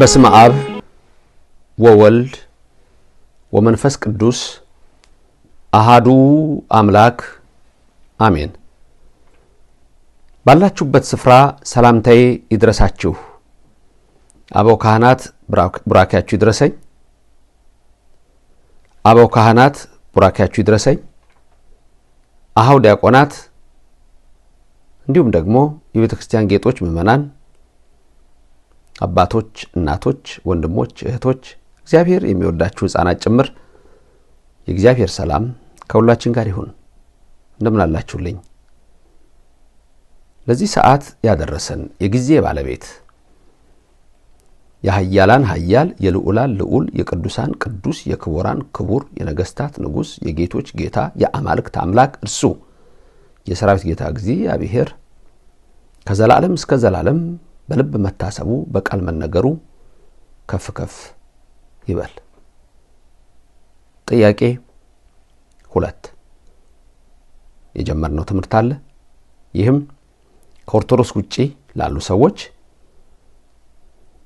በስመ አብ ወወልድ ወመንፈስ ቅዱስ አሃዱ አምላክ አሜን። ባላችሁበት ስፍራ ሰላምታዬ ይድረሳችሁ። አበው ካህናት ቡራኪያችሁ ይድረሰኝ። አበው ካህናት ቡራኪያችሁ ይድረሰኝ። አሃው ዲያቆናት እንዲሁም ደግሞ የቤተ ክርስቲያን ጌጦች ምዕመናን አባቶች፣ እናቶች፣ ወንድሞች፣ እህቶች እግዚአብሔር የሚወዳችሁ ሕፃናት ጭምር የእግዚአብሔር ሰላም ከሁላችን ጋር ይሁን። እንደምን አላችሁልኝ? ለዚህ ሰዓት ያደረሰን የጊዜ ባለቤት የኃያላን ኃያል የልዑላን ልዑል የቅዱሳን ቅዱስ የክቡራን ክቡር የነገስታት ንጉሥ የጌቶች ጌታ የአማልክት አምላክ እርሱ የሰራዊት ጌታ እግዚአብሔር ከዘላለም እስከ ዘላለም በልብ መታሰቡ በቃል መነገሩ ከፍ ከፍ ይበል። ጥያቄ ሁለት የጀመርነው ትምህርት አለ። ይህም ከኦርቶዶክስ ውጪ ላሉ ሰዎች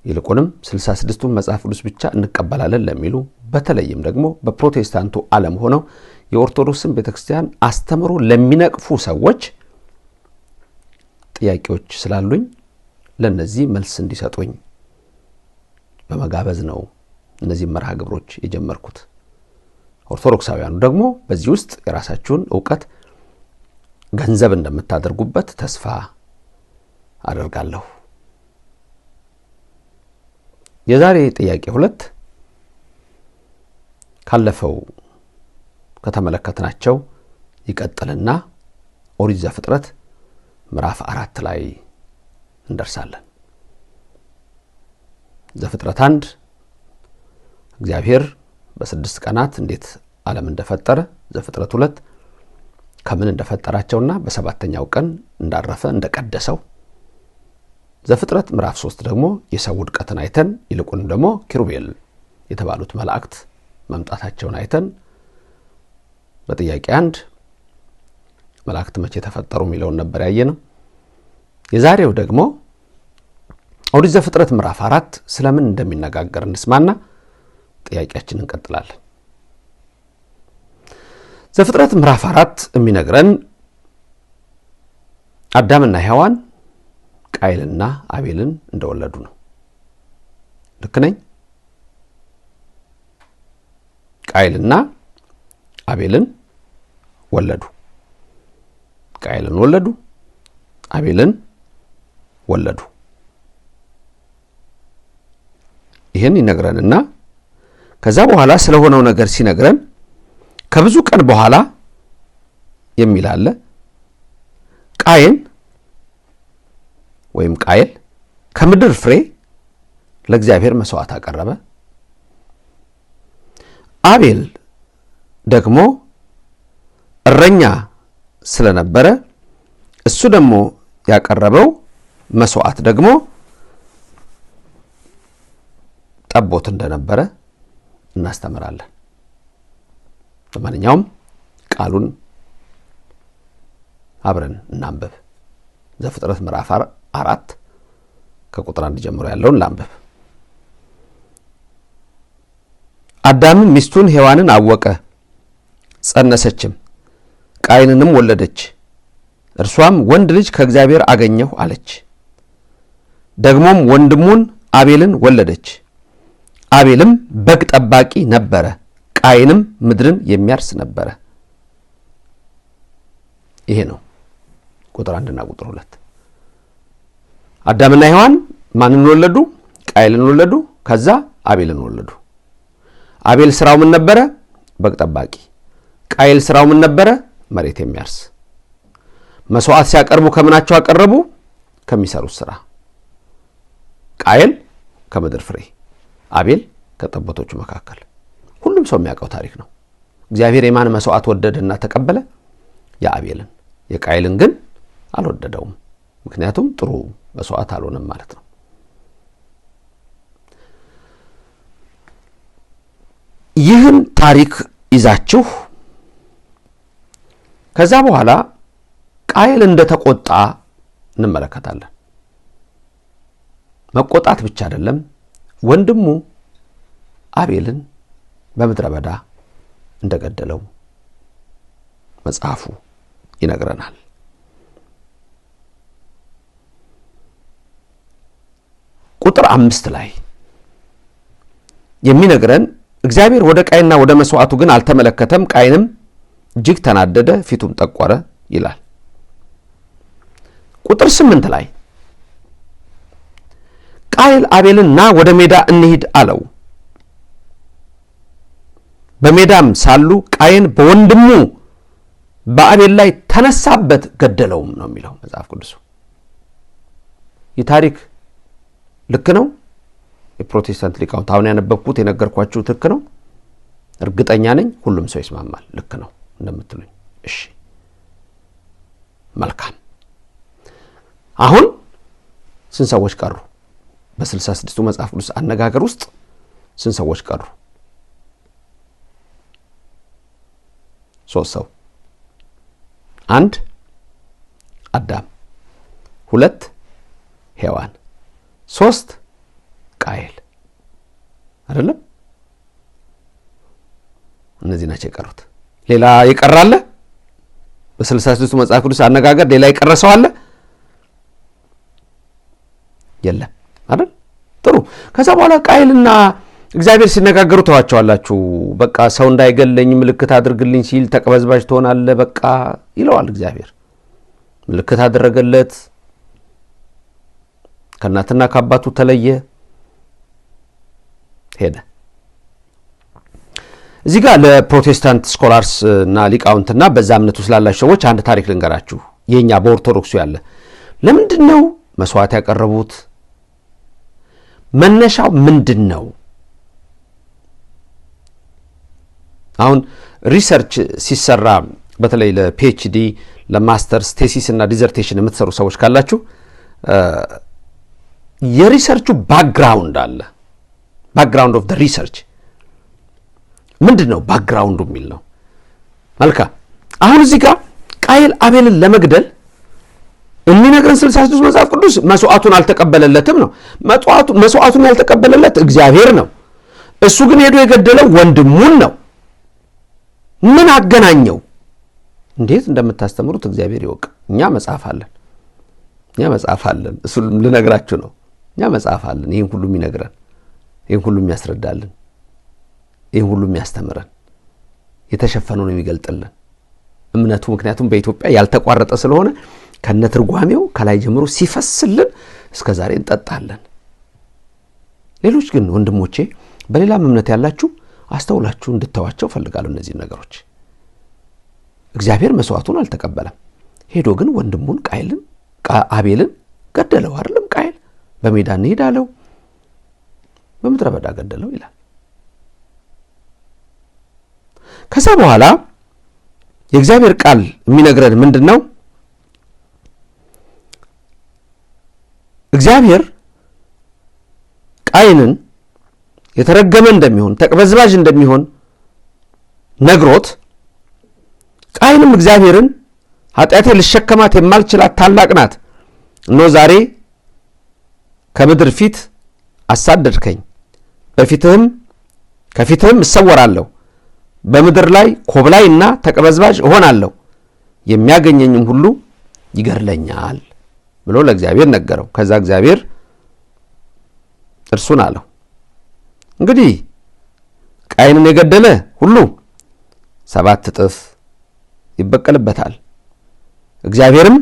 ይልቁንም 66 መጽሐፍ ቅዱስ ብቻ እንቀበላለን ለሚሉ በተለይም ደግሞ በፕሮቴስታንቱ ዓለም ሆነው የኦርቶዶክስን ቤተ ክርስቲያን አስተምሮ ለሚነቅፉ ሰዎች ጥያቄዎች ስላሉኝ ለእነዚህ መልስ እንዲሰጡኝ በመጋበዝ ነው እነዚህ መርሃ ግብሮች የጀመርኩት። ኦርቶዶክሳውያኑ ደግሞ በዚህ ውስጥ የራሳችሁን እውቀት ገንዘብ እንደምታደርጉበት ተስፋ አደርጋለሁ። የዛሬ ጥያቄ ሁለት ካለፈው ከተመለከትናቸው ይቀጥልና ኦሪዘ ፍጥረት ምዕራፍ አራት ላይ እንደርሳለን። ዘፍጥረት አንድ እግዚአብሔር በስድስት ቀናት እንዴት ዓለም እንደፈጠረ፣ ዘፍጥረት ሁለት ከምን እንደፈጠራቸውና በሰባተኛው ቀን እንዳረፈ እንደቀደሰው፣ ዘፍጥረት ምዕራፍ ሶስት ደግሞ የሰው ውድቀትን አይተን ይልቁንም ደግሞ ኪሩቤል የተባሉት መላእክት መምጣታቸውን አይተን በጥያቄ አንድ መላእክት መቼ ተፈጠሩ የሚለውን ነበር ያየ ነው። የዛሬው ደግሞ ኦሪት ዘፍጥረት ምዕራፍ አራት ስለምን እንደሚነጋገር እንስማና ጥያቄያችን እንቀጥላለን። ዘፍጥረት ምዕራፍ አራት የሚነግረን አዳምና ሔዋን ቃይልና አቤልን እንደወለዱ ነው። ልክ ነኝ? ቃይልና አቤልን ወለዱ። ቃይልን ወለዱ። አቤልን ወለዱ። ይህን ይነግረንና ከዛ በኋላ ስለሆነው ነገር ሲነግረን ከብዙ ቀን በኋላ የሚል አለ። ቃየን ወይም ቃየል ከምድር ፍሬ ለእግዚአብሔር መስዋዕት አቀረበ። አቤል ደግሞ እረኛ ስለነበረ እሱ ደግሞ ያቀረበው መስዋዕት ደግሞ ጠቦት እንደነበረ እናስተምራለን። ለማንኛውም ቃሉን አብረን እናንብብ። ዘፍጥረት ምዕራፍ አራት ከቁጥር አንድ ጀምሮ ያለውን ላንብብ። አዳምም ሚስቱን ሔዋንን አወቀ፣ ጸነሰችም፣ ቃይንንም ወለደች። እርሷም ወንድ ልጅ ከእግዚአብሔር አገኘሁ አለች። ደግሞም ወንድሙን አቤልን ወለደች። አቤልም በግ ጠባቂ ነበረ፣ ቃይንም ምድርን የሚያርስ ነበረ። ይሄ ነው ቁጥር አንድና ቁጥር ሁለት አዳምና ሔዋን ማንን ወለዱ? ቃይልን ወለዱ። ከዛ አቤልን ወለዱ። አቤል ስራው ምን ነበረ? በግ ጠባቂ። ቃይል ስራው ምን ነበረ? መሬት የሚያርስ መስዋዕት ሲያቀርቡ ከምናቸው አቀረቡ? ከሚሰሩት ስራ ቃየል ከምድር ፍሬ፣ አቤል ከጠቦቶቹ መካከል። ሁሉም ሰው የሚያውቀው ታሪክ ነው። እግዚአብሔር የማን መስዋዕት ወደደና ተቀበለ? የአቤልን። የቃየልን ግን አልወደደውም። ምክንያቱም ጥሩ መስዋዕት አልሆነም ማለት ነው። ይህን ታሪክ ይዛችሁ ከዛ በኋላ ቃየል እንደተቆጣ እንመለከታለን። መቆጣት ብቻ አይደለም፣ ወንድሙ አቤልን በምድረ በዳ እንደገደለው መጽሐፉ ይነግረናል። ቁጥር አምስት ላይ የሚነግረን እግዚአብሔር ወደ ቃይና ወደ መስዋዕቱ ግን አልተመለከተም፣ ቃይንም እጅግ ተናደደ፣ ፊቱም ጠቆረ ይላል። ቁጥር ስምንት ላይ ቃየል አቤልን ና ወደ ሜዳ እንሂድ አለው። በሜዳም ሳሉ ቃየን በወንድሙ በአቤል ላይ ተነሳበት፣ ገደለውም ነው የሚለው መጽሐፍ ቅዱሱ። ይህ ታሪክ ልክ ነው? የፕሮቴስታንት ሊቃውንት አሁን ያነበብኩት የነገርኳችሁ ልክ ነው? እርግጠኛ ነኝ ሁሉም ሰው ይስማማል። ልክ ነው እንደምትሉኝ። እሺ መልካም። አሁን ስንት ሰዎች ቀሩ? በ66ቱ መጽሐፍ ቅዱስ አነጋገር ውስጥ ስንት ሰዎች ቀሩ? ሶስት ሰው፣ አንድ አዳም፣ ሁለት ሔዋን፣ ሶስት ቃየል አይደለም? እነዚህ ናቸው የቀሩት። ሌላ የቀረ በስልሳ ስድስቱ መጽሐፍ ቅዱስ አነጋገር ሌላ የቀረ የለም። አይደል? ጥሩ። ከዛ በኋላ ቃይልና እግዚአብሔር ሲነጋገሩ ተዋቸዋላችሁ። በቃ ሰው እንዳይገለኝ ምልክት አድርግልኝ ሲል ተቅበዝባዥ ትሆናለ በቃ ይለዋል እግዚአብሔር። ምልክት አደረገለት። ከእናትና ከአባቱ ተለየ፣ ሄደ። እዚህ ጋር ለፕሮቴስታንት ስኮላርስ እና ሊቃውንትና በዛ እምነቱ ስላላቸው ሰዎች አንድ ታሪክ ልንገራችሁ። የእኛ በኦርቶዶክሱ ያለ ለምንድን ነው መስዋዕት ያቀረቡት መነሻው ምንድን ነው? አሁን ሪሰርች ሲሰራ በተለይ ለፒኤችዲ ለማስተርስ ቴሲስ እና ዲዘርቴሽን የምትሰሩ ሰዎች ካላችሁ የሪሰርቹ ባክግራውንድ አለ። ባክግራውንድ ኦፍ ሪሰርች ምንድን ነው? ባክግራውንዱ የሚል ነው። መልካም። አሁን እዚህ ጋር ቃየል አቤልን ለመግደል የሚነግረን ስልሳ ስድስት መጽሐፍ ቅዱስ መስዋዕቱን አልተቀበለለትም ነው። መስዋዕቱን ያልተቀበለለት እግዚአብሔር ነው። እሱ ግን ሄዶ የገደለው ወንድሙን ነው። ምን አገናኘው? እንዴት እንደምታስተምሩት እግዚአብሔር ይወቅ። እኛ መጽሐፍ አለን፣ እኛ መጽሐፍ አለን። እሱ ልነግራችሁ ነው። እኛ መጽሐፍ አለን። ይህን ሁሉም ይነግረን፣ ይህን ሁሉም ያስረዳልን፣ ይህን ሁሉ የሚያስተምረን፣ የተሸፈነውን የሚገልጥልን እምነቱ ምክንያቱም በኢትዮጵያ ያልተቋረጠ ስለሆነ ትርጓሜው ከላይ ጀምሮ ሲፈስልን እስከ ዛሬ እንጠጣለን። ሌሎች ግን ወንድሞቼ በሌላም እምነት ያላችሁ አስተውላችሁ እንድተዋቸው ፈልጋለሁ። እነዚህ ነገሮች እግዚአብሔር መስዋዕቱን አልተቀበለም። ሄዶ ግን ወንድሙን ቃይልን አቤልን ገደለው። አይደለም ቃይል በሜዳ እንሄዳለው በምድረ በዳ ገደለው ይላል። ከዛ በኋላ የእግዚአብሔር ቃል የሚነግረን ምንድን ነው? እግዚአብሔር ቃይንን የተረገመ እንደሚሆን ተቅበዝባዥ እንደሚሆን ነግሮት ቃይንም እግዚአብሔርን ኃጢአቴ ልሸከማት የማልችላት ታላቅ ናት፣ እነሆ ዛሬ ከምድር ፊት አሳደድከኝ፣ በፊትህም ከፊትህም እሰወራለሁ፣ በምድር ላይ ኮብላይና ተቅበዝባዥ እሆናለሁ፣ የሚያገኘኝም ሁሉ ይገርለኛል ብሎ ለእግዚአብሔር ነገረው። ከዛ እግዚአብሔር እርሱን አለው እንግዲህ ቃይንን የገደለ ሁሉ ሰባት እጥፍ ይበቀልበታል። እግዚአብሔርም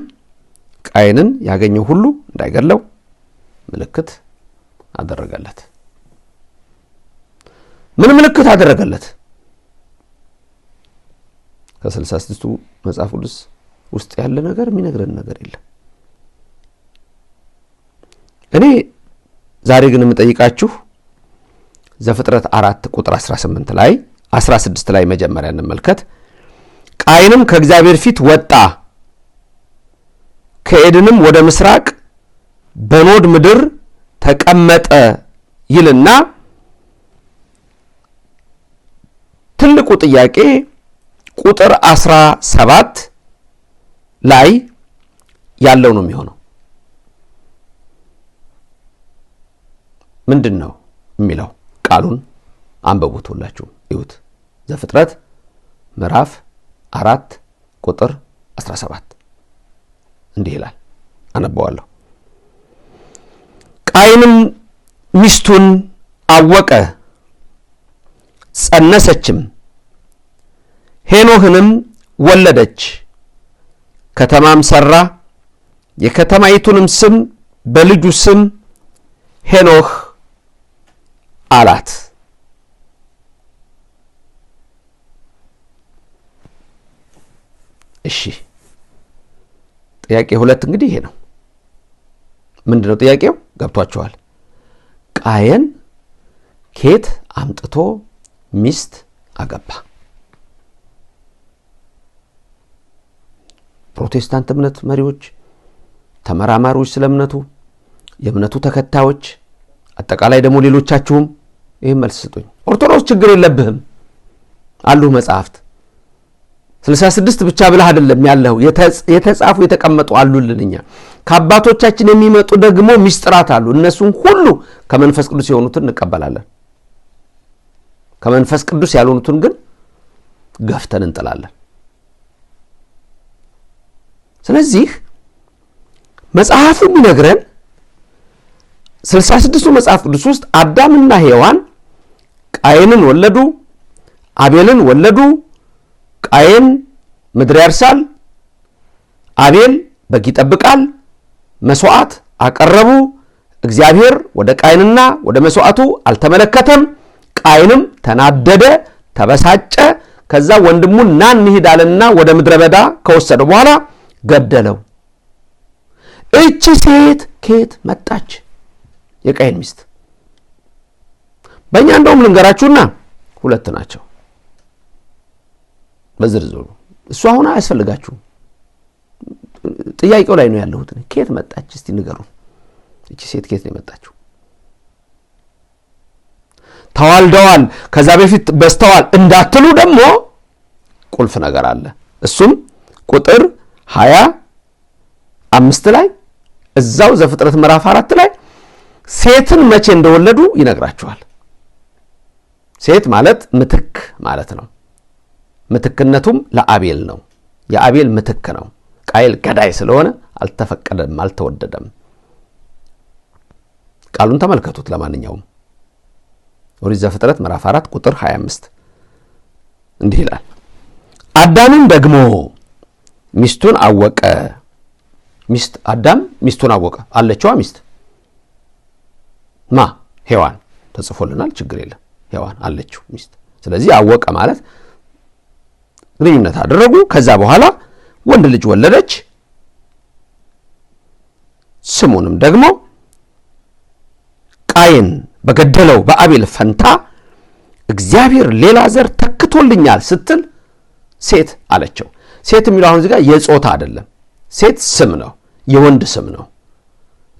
ቃይንን ያገኘው ሁሉ እንዳይገለው ምልክት አደረገለት። ምን ምልክት አደረገለት? ከስልሳ ስድስቱ መጽሐፍ ቅዱስ ውስጥ ያለ ነገር የሚነግረን ነገር የለም። እኔ ዛሬ ግን የምጠይቃችሁ ዘፍጥረት አራት ቁጥር 18 ላይ 16 ላይ መጀመሪያ እንመልከት። ቃይንም ከእግዚአብሔር ፊት ወጣ፣ ከኤድንም ወደ ምስራቅ በኖድ ምድር ተቀመጠ ይልና ትልቁ ጥያቄ ቁጥር 17 ላይ ያለው ነው የሚሆነው ምንድን ነው የሚለው ቃሉን አንብቡት፣ ሁላችሁ እዩት። ዘፍጥረት ምዕራፍ አራት ቁጥር 17 እንዲህ ይላል፣ አነበዋለሁ። ቃይንም ሚስቱን አወቀ፣ ጸነሰችም፣ ሄኖህንም ወለደች። ከተማም ሠራ፣ የከተማይቱንም ስም በልጁ ስም ሄኖህ አላት። እሺ ጥያቄ ሁለት እንግዲህ ይሄ ነው። ምንድን ነው ጥያቄው? ገብቷቸዋል? ቃየን ኬት አምጥቶ ሚስት አገባ? ፕሮቴስታንት እምነት መሪዎች፣ ተመራማሪዎች፣ ስለ እምነቱ የእምነቱ ተከታዮች አጠቃላይ ደግሞ ሌሎቻችሁም ይህም መልስ ስጡኝ። ኦርቶዶክስ ችግር የለብህም አሉ መጽሐፍት። 66 ብቻ ብለህ አይደለም ያለው የተጻፉ የተቀመጡ አሉልን። እኛ ከአባቶቻችን የሚመጡ ደግሞ ሚስጥራት አሉ። እነሱን ሁሉ ከመንፈስ ቅዱስ የሆኑትን እንቀበላለን። ከመንፈስ ቅዱስ ያልሆኑትን ግን ገፍተን እንጥላለን። ስለዚህ መጽሐፉ የሚነግረን ስልሳ ስድስቱ መጽሐፍ ቅዱስ ውስጥ አዳምና ሔዋን ቃየንን ወለዱ፣ አቤልን ወለዱ። ቃየን ምድር ያርሳል፣ አቤል በግ ይጠብቃል። መስዋዕት አቀረቡ። እግዚአብሔር ወደ ቃየንና ወደ መስዋዕቱ አልተመለከተም። ቃየንም ተናደደ፣ ተበሳጨ። ከዛ ወንድሙን ና ይሄዳልና ወደ ምድረ በዳ ከወሰደው በኋላ ገደለው። እቺ ሴት ከየት መጣች? የቃየን ሚስት በእኛ እንደውም ልንገራችሁና ሁለት ናቸው በዝርዝሩ። እሱ አሁን አያስፈልጋችሁም። ጥያቄው ላይ ነው ያለሁት። ኬት መጣች? እስቲ ንገሩ። እቺ ሴት ኬት ነው የመጣችው? ተዋልደዋል፣ ከዛ በፊት በስተዋል እንዳትሉ ደግሞ ቁልፍ ነገር አለ። እሱም ቁጥር ሀያ አምስት ላይ እዛው ዘፍጥረት ምዕራፍ አራት ላይ ሴትን መቼ እንደወለዱ ይነግራቸዋል ሴት ማለት ምትክ ማለት ነው። ምትክነቱም ለአቤል ነው። የአቤል ምትክ ነው። ቃየል ገዳይ ስለሆነ አልተፈቀደም፣ አልተወደደም። ቃሉን ተመልከቱት። ለማንኛውም ኦሪት ዘፍጥረት ምዕራፍ 4 ቁጥር 25 እንዲህ ይላል፣ አዳምም ደግሞ ሚስቱን አወቀ። ሚስት አዳም ሚስቱን አወቀ አለችዋ ሚስት ማ ሔዋን ተጽፎልናል። ችግር የለም ሔዋን አለችው ሚስት። ስለዚህ አወቀ ማለት ግንኙነት አደረጉ። ከዛ በኋላ ወንድ ልጅ ወለደች። ስሙንም ደግሞ ቃይን በገደለው በአቤል ፈንታ እግዚአብሔር ሌላ ዘር ተክቶልኛል ስትል ሴት አለቸው። ሴት የሚለው አሁን እዚህ ጋር የጾታ አይደለም። ሴት ስም ነው፣ የወንድ ስም ነው።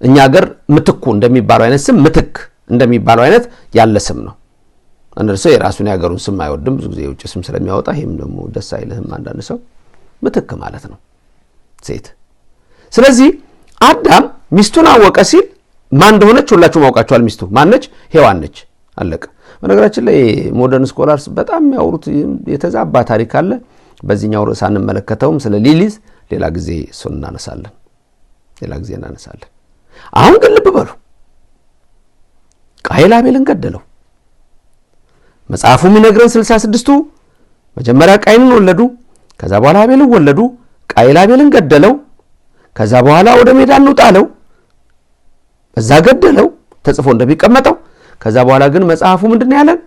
እኛ ሀገር ምትኩ እንደሚባለው አይነት ስም ምትክ እንደሚባለው አይነት ያለ ስም ነው። አንዳንድ ሰው የራሱን የሀገሩን ስም አይወድም፣ ብዙ ጊዜ የውጭ ስም ስለሚያወጣ ይህም ደግሞ ደስ አይልህም። አንዳንድ ሰው ምትክ ማለት ነው ሴት። ስለዚህ አዳም ሚስቱን አወቀ ሲል ማን እንደሆነች ሁላችሁም አውቃችኋል። ሚስቱ ማነች? ሔዋን ነች። አለቀ። በነገራችን ላይ ሞደርን ስኮላርስ በጣም የሚያወሩት የተዛባ ታሪክ አለ። በዚህኛው ርዕስ አንመለከተውም። ስለ ሊሊዝ ሌላ ጊዜ እሱን እናነሳለን። ሌላ ጊዜ እናነሳለን። አሁን ግን ልብ በሉ ቃየል አቤልን ገደለው። መጽሐፉ የሚነግረን ስልሳ ስድስቱ መጀመሪያ ቃይንን ወለዱ፣ ከዛ በኋላ አቤልን ወለዱ። ቃየል አቤልን ገደለው። ከዛ በኋላ ወደ ሜዳ እንውጣ አለው፣ እዛ ገደለው ተጽፎ እንደሚቀመጠው። ከዛ በኋላ ግን መጽሐፉ ምንድን ያለን?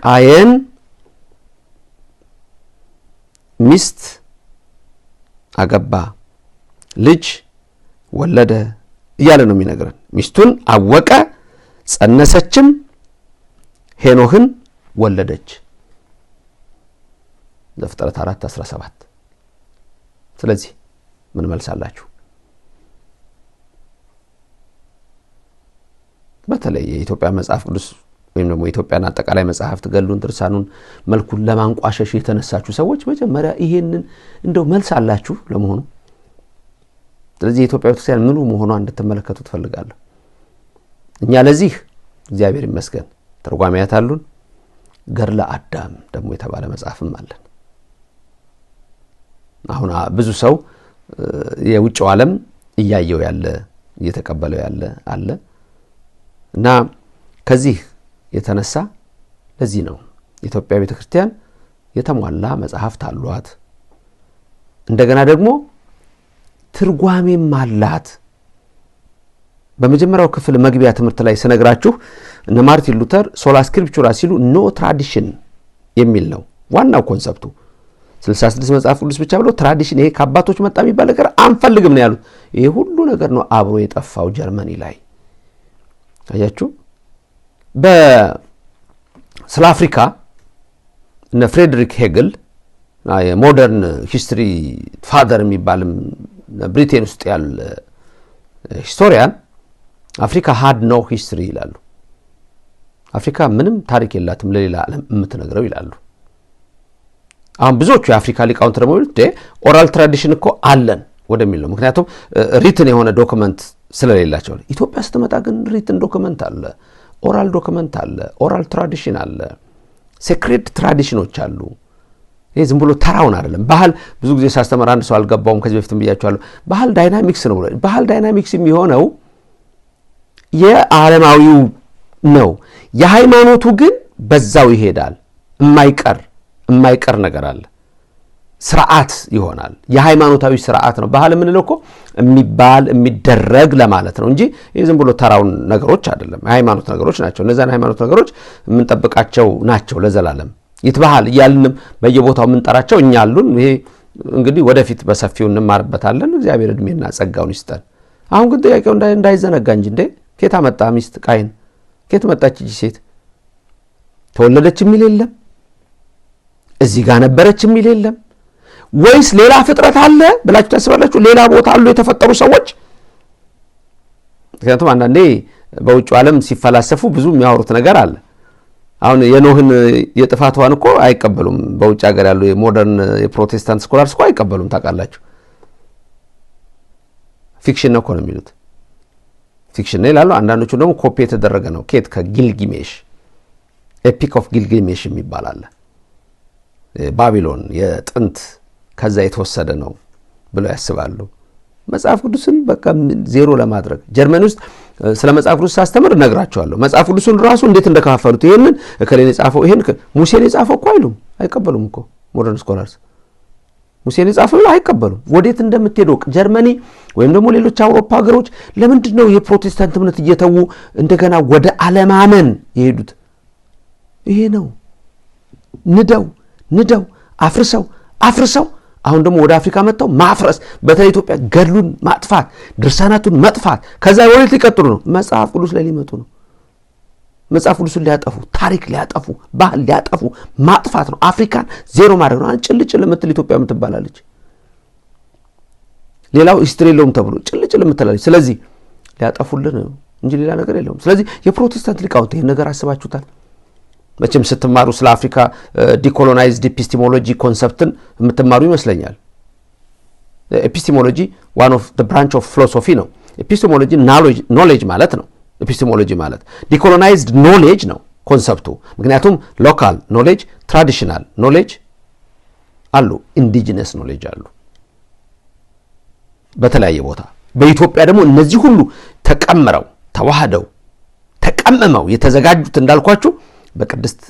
ቃየን ሚስት አገባ፣ ልጅ ወለደ እያለ ነው የሚነግረን። ሚስቱን አወቀ፣ ጸነሰችም፣ ሄኖህን ወለደች። ዘፍጥረት 4 17 ስለዚህ ምን መልሳላችሁ? በተለይ የኢትዮጵያ መጽሐፍ ቅዱስ ወይም ደግሞ የኢትዮጵያን አጠቃላይ መጽሐፍት ገሉን፣ ድርሳኑን፣ መልኩን ለማንቋሸሽ የተነሳችሁ ሰዎች መጀመሪያ ይሄንን እንደው መልስ አላችሁ ለመሆኑ ስለዚህ የኢትዮጵያ ቤተክርስቲያን ምኑ መሆኗ እንድትመለከቱ ትፈልጋለሁ። እኛ ለዚህ እግዚአብሔር ይመስገን ተርጓሚያት አሉን። ገርለ አዳም ደግሞ የተባለ መጽሐፍም አለን። አሁን ብዙ ሰው የውጭው ዓለም እያየው ያለ እየተቀበለው ያለ አለ እና ከዚህ የተነሳ ለዚህ ነው ኢትዮጵያ ቤተ ክርስቲያን የተሟላ መጽሐፍት አሏት። እንደገና ደግሞ ትርጓሜም አላት። በመጀመሪያው ክፍል መግቢያ ትምህርት ላይ ስነግራችሁ እነ ማርቲን ሉተር ሶላ ስክሪፕቹራ ሲሉ ኖ ትራዲሽን የሚል ነው ዋናው ኮንሰፕቱ። 66 መጽሐፍ ቅዱስ ብቻ ብሎ ትራዲሽን ይሄ ከአባቶች መጣ የሚባል ነገር አንፈልግም ነው ያሉት። ይሄ ሁሉ ነገር ነው አብሮ የጠፋው ጀርመኒ ላይ አያችሁ። በስለ አፍሪካ እነ ፍሬድሪክ ሄግል የሞደርን ሂስትሪ ፋደር የሚባልም ብሪቴን ውስጥ ያለ ሂስቶሪያን አፍሪካ ሀድ ኖ ሂስትሪ ይላሉ። አፍሪካ ምንም ታሪክ የላትም ለሌላ ዓለም የምትነግረው ይላሉ። አሁን ብዙዎቹ የአፍሪካ ሊቃውንት ደግሞ ሚሉት ኦራል ትራዲሽን እኮ አለን ወደሚል ነው። ምክንያቱም ሪትን የሆነ ዶክመንት ስለሌላቸው። ኢትዮጵያ ስትመጣ ግን ሪትን ዶክመንት አለ፣ ኦራል ዶክመንት አለ፣ ኦራል ትራዲሽን አለ፣ ሴክሬድ ትራዲሽኖች አሉ። ይሄ ዝም ብሎ ተራውን አይደለም። ባህል ብዙ ጊዜ ሳስተምር አንድ ሰው አልገባውም። ከዚህ በፊትም ብያቸዋለሁ። ባህል ዳይናሚክስ ነው ብሎ ባህል ዳይናሚክስ የሚሆነው የዓለማዊው ነው። የሃይማኖቱ ግን በዛው ይሄዳል። የማይቀር የማይቀር ነገር አለ። ስርዓት ይሆናል። የሃይማኖታዊ ስርዓት ነው። ባህል የምንለው እኮ የሚባል የሚደረግ ለማለት ነው እንጂ ይህ ዝም ብሎ ተራውን ነገሮች አይደለም። የሃይማኖት ነገሮች ናቸው። እነዚያን ሃይማኖት ነገሮች የምንጠብቃቸው ናቸው ለዘላለም። ይትባሃል እያልንም በየቦታው የምንጠራቸው እኛ አሉን። ይሄ እንግዲህ ወደፊት በሰፊው እንማርበታለን። እግዚአብሔር እድሜና ጸጋውን ይስጠን። አሁን ግን ጥያቄው እንዳይዘነጋ እንጂ እንዴ ኬት መጣ ሚስት ቃይን ኬት መጣች እጅ ሴት ተወለደች የሚል የለም። እዚህ ጋር ነበረች የሚል የለም። ወይስ ሌላ ፍጥረት አለ ብላችሁ ታስባላችሁ? ሌላ ቦታ አሉ የተፈጠሩ ሰዎች። ምክንያቱም አንዳንዴ በውጭ ዓለም ሲፈላሰፉ ብዙ የሚያወሩት ነገር አለ። አሁን የኖህን የጥፋትዋን እኮ አይቀበሉም። በውጭ ሀገር ያሉ የሞደርን የፕሮቴስታንት ስኮላርስ እኮ አይቀበሉም። ታውቃላችሁ፣ ፊክሽን ነው እኮ ነው የሚሉት። ፊክሽን ነው ይላሉ። አንዳንዶቹ ደግሞ ኮፒ የተደረገ ነው። ኬት ከጊልጊሜሽ ኤፒክ ኦፍ ጊልጊሜሽ የሚባል አለ። ባቢሎን የጥንት ከዛ የተወሰደ ነው ብለው ያስባሉ። መጽሐፍ ቅዱስን በቃ ዜሮ ለማድረግ ጀርመን ውስጥ ስለ መጽሐፍ ቅዱስ ሳስተምር እነግራቸዋለሁ። መጽሐፍ ቅዱሱን ራሱ እንዴት እንደከፋፈሉት ይህንን እከሌን የጻፈው ይህን ሙሴን የጻፈው እኮ አይሉም፣ አይቀበሉም እኮ ሞደርን ስኮላርስ ሙሴን የጻፈው አይቀበሉም። ወዴት እንደምትሄዱ ጀርመኒ ወይም ደግሞ ሌሎች አውሮፓ ሀገሮች ለምንድን ነው የፕሮቴስታንት እምነት እየተዉ እንደገና ወደ አለማመን የሄዱት? ይሄ ነው። ንደው ንደው አፍርሰው አፍርሰው አሁን ደግሞ ወደ አፍሪካ መጥተው ማፍረስ፣ በተለይ ኢትዮጵያ ገድሉን ማጥፋት፣ ድርሳናቱን መጥፋት፣ ከዛ ወዴት ሊቀጥሉ ነው? መጽሐፍ ቅዱስ ላይ ሊመጡ ነው። መጽሐፍ ቅዱስን ሊያጠፉ፣ ታሪክ ሊያጠፉ፣ ባህል ሊያጠፉ ማጥፋት ነው። አፍሪካን ዜሮ ማድረግ ነው። ጭልጭል የምትል ኢትዮጵያ የምትባላለች፣ ሌላው ሂስትሪ የለውም ተብሎ ጭልጭል የምትላለች። ስለዚህ ሊያጠፉልን እንጂ ሌላ ነገር የለውም። ስለዚህ የፕሮቴስታንት ሊቃውንት ይህን ነገር አስባችሁታል? መቼም ስትማሩ ስለ አፍሪካ ዲኮሎናይዝድ ኤፒስቲሞሎጂ ኮንሰፕትን የምትማሩ ይመስለኛል። ኤፒስቲሞሎጂ ዋን ኦፍ ብራንች ኦፍ ፊሎሶፊ ነው። ኤፒስቲሞሎጂ ኖሌጅ ማለት ነው። ኤፒስቲሞሎጂ ማለት ዲኮሎናይዝድ ኖሌጅ ነው ኮንሰፕቱ። ምክንያቱም ሎካል ኖሌጅ፣ ትራዲሽናል ኖሌጅ አሉ፣ ኢንዲጂነስ ኖሌጅ አሉ በተለያየ ቦታ። በኢትዮጵያ ደግሞ እነዚህ ሁሉ ተቀምረው ተዋህደው ተቀምመው የተዘጋጁት እንዳልኳችሁ በቅድስት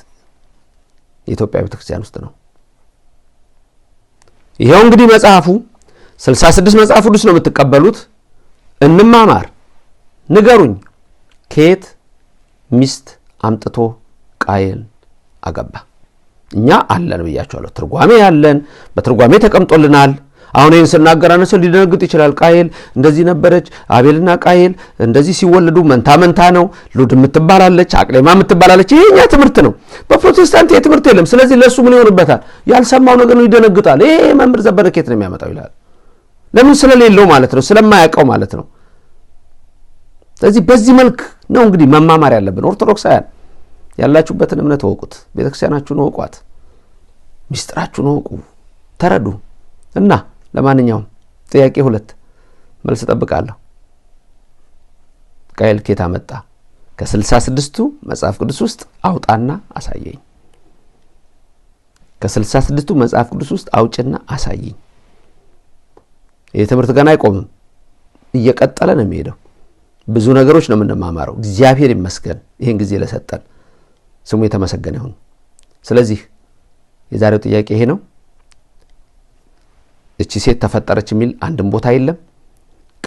የኢትዮጵያ ቤተክርስቲያን ውስጥ ነው። ይኸው እንግዲህ መጽሐፉ 66 መጽሐፍ ቅዱስ ነው የምትቀበሉት። እንማማር። ንገሩኝ፣ ከየት ሚስት አምጥቶ ቃየል አገባ? እኛ አለን ብያቸዋለሁ። ትርጓሜ ያለን በትርጓሜ ተቀምጦልናል። አሁን ይህን ስናገር ሰው ሊደነግጥ ይችላል። ቃየል እንደዚህ ነበረች፣ አቤልና ቃየል እንደዚህ ሲወለዱ መንታ መንታ ነው። ሉድ የምትባላለች፣ አቅሌማ የምትባላለች። ይሄኛ ትምህርት ነው። በፕሮቴስታንት ይሄ ትምህርት የለም። ስለዚህ ለእሱ ምን ይሆንበታል? ያልሰማው ነገር ነው፣ ይደነግጣል። ይሄ መምህር ዘበነ ነው የሚያመጣው ይላል። ለምን ስለሌለው ማለት ነው፣ ስለማያውቀው ማለት ነው። ስለዚህ በዚህ መልክ ነው እንግዲህ መማማር ያለብን። ኦርቶዶክሳውያን ያላችሁበትን እምነት እወቁት፣ ቤተክርስቲያናችሁን እወቋት፣ ሚስጥራችሁን እወቁ፣ ተረዱ እና ለማንኛውም ጥያቄ ሁለት መልስ እጠብቃለሁ። ቃየል ኬታ መጣ ከስልሳ ስድስቱ መጽሐፍ ቅዱስ ውስጥ አውጣና አሳየኝ። ከስልሳ ስድስቱ መጽሐፍ ቅዱስ ውስጥ አውጭና አሳየኝ። ይህ ትምህርት ገና አይቆምም፣ እየቀጠለ ነው የሚሄደው። ብዙ ነገሮች ነው የምንማማረው። እግዚአብሔር ይመስገን ይህን ጊዜ ለሰጠን፣ ስሙ የተመሰገነ ይሁን። ስለዚህ የዛሬው ጥያቄ ይሄ ነው። እቺ ሴት ተፈጠረች የሚል አንድም ቦታ የለም።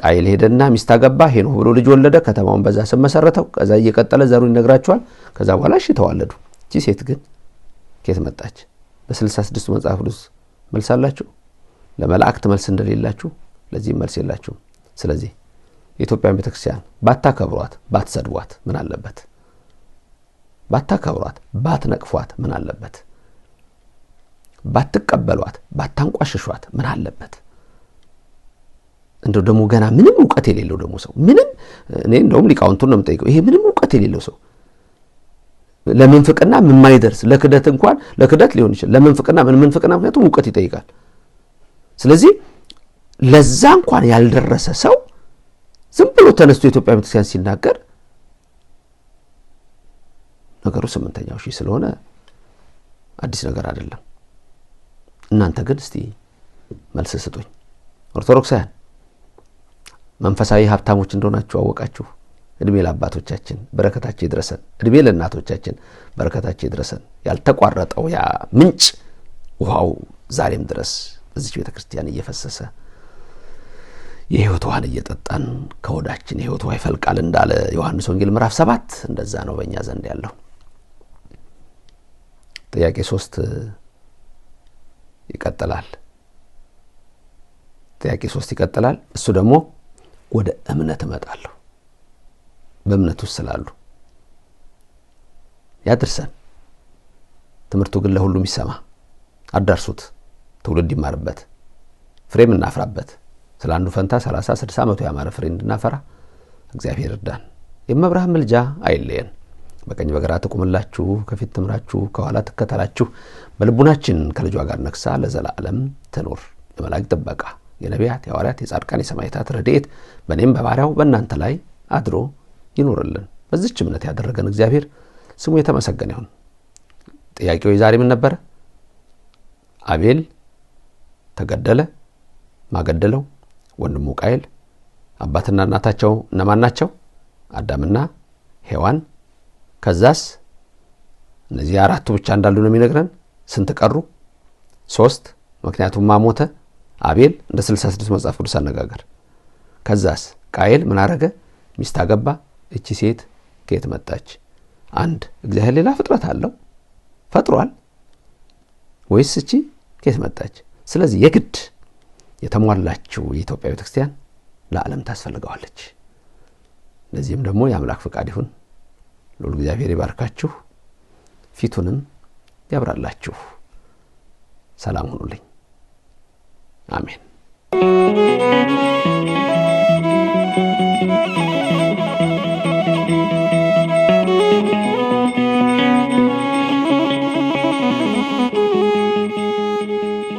ቃይል ሄደና ሚስት አገባ፣ ሄኖ ብሎ ልጅ ወለደ። ከተማውን በዛ ስም መሰረተው። ከዛ እየቀጠለ ዘሩን ይነግራቸዋል። ከዛ በኋላ እሺ ተዋለዱ። እቺ ሴት ግን ኬት መጣች? በ66 መጽሐፍ ቅዱስ መልስ አላችሁ? ለመላእክት መልስ እንደሌላችሁ ለዚህም መልስ የላችሁም። ስለዚህ የኢትዮጵያን ቤተክርስቲያን ባታከብሯት፣ ባትሰድቧት ምን አለበት? ባታከብሯት፣ ባትነቅፏት ምን አለበት? ባትቀበሏት፣ ባታንቋሸሿት ምን አለበት? እንደው ደግሞ ገና ምንም እውቀት የሌለው ደግሞ ሰው ምንም እኔ እንደውም ሊቃውንቱን ነው የምጠይቀው። ይሄ ምንም እውቀት የሌለው ሰው ለምንፍቅና የማይደርስ ለክደት እንኳን ለክደት ሊሆን ይችላል ለምንፍቅና ምንፍቅና ምክንያቱም እውቀት ይጠይቃል። ስለዚህ ለዛ እንኳን ያልደረሰ ሰው ዝም ብሎ ተነስቶ የኢትዮጵያ ቤተክርስቲያን ሲናገር ነገሩ ስምንተኛው ሺህ ስለሆነ አዲስ ነገር አይደለም። እናንተ ግን እስቲ መልስ ስጡኝ። ኦርቶዶክሳውያን መንፈሳዊ ሀብታሞች እንደሆናችሁ አወቃችሁ። እድሜ ለአባቶቻችን በረከታቸው ይድረሰን። እድሜ ለእናቶቻችን በረከታቸው ይድረሰን። ያልተቋረጠው ያ ምንጭ ውሃው ዛሬም ድረስ በዚች ቤተ ክርስቲያን እየፈሰሰ የህይወትዋን ውሃን እየጠጣን ከወዳችን የህይወት ውሃ ይፈልቃል እንዳለ ዮሐንስ ወንጌል ምዕራፍ ሰባት እንደዛ ነው በእኛ ዘንድ ያለው ጥያቄ ሶስት ይቀጥላል። ጥያቄ ሶስት ይቀጥላል። እሱ ደግሞ ወደ እምነት እመጣለሁ። በእምነት ውስጥ ስላሉ ያድርሰን። ትምህርቱ ግን ለሁሉም ይሰማ። አዳርሱት፣ ትውልድ ይማርበት፣ ፍሬም እናፍራበት። ስለ አንዱ ፈንታ 30 60 መቶ ያማረ ፍሬ እንድናፈራ እግዚአብሔር እርዳን። የመብርሃን ምልጃ አይለየን። በቀኝ በግራ ትቁምላችሁ፣ ከፊት ትምራችሁ፣ ከኋላ ትከተላችሁ፣ በልቡናችን ከልጇ ጋር ነግሳ ለዘላለም ትኖር የመላእክት ጥበቃ፣ የነቢያት፣ የሐዋርያት፣ የጻድቃን፣ የሰማዕታት ረድኤት በእኔም በባሪያው በእናንተ ላይ አድሮ ይኖርልን በዚች እምነት ያደረገን እግዚአብሔር ስሙ የተመሰገነ ይሁን። ጥያቄው ይዛሪም ምን ነበረ? አቤል ተገደለ፣ ማገደለው ወንድሙ ቃየል። አባትና እናታቸው እነማን ናቸው? አዳምና ሔዋን ከዛስ እነዚህ አራቱ ብቻ እንዳሉ ነው የሚነግረን። ስንት ቀሩ? ሶስት። ምክንያቱም ማሞተ አቤል እንደ 66 መጽሐፍ ቅዱስ አነጋገር። ከዛስ ቃየል ምን አረገ? ሚስት አገባ። እቺ ሴት ከየት መጣች? አንድ እግዚአብሔር ሌላ ፍጥረት አለው ፈጥሯል ወይስ እቺ ከየት መጣች? ስለዚህ የግድ የተሟላችው የኢትዮጵያ ቤተክርስቲያን ለዓለም ታስፈልገዋለች። ለዚህም ደግሞ የአምላክ ፈቃድ ይሁን። ልዑል እግዚአብሔር ይባርካችሁ፣ ፊቱንም ያብራላችሁ። ሰላም ሁኑልኝ። አሜን።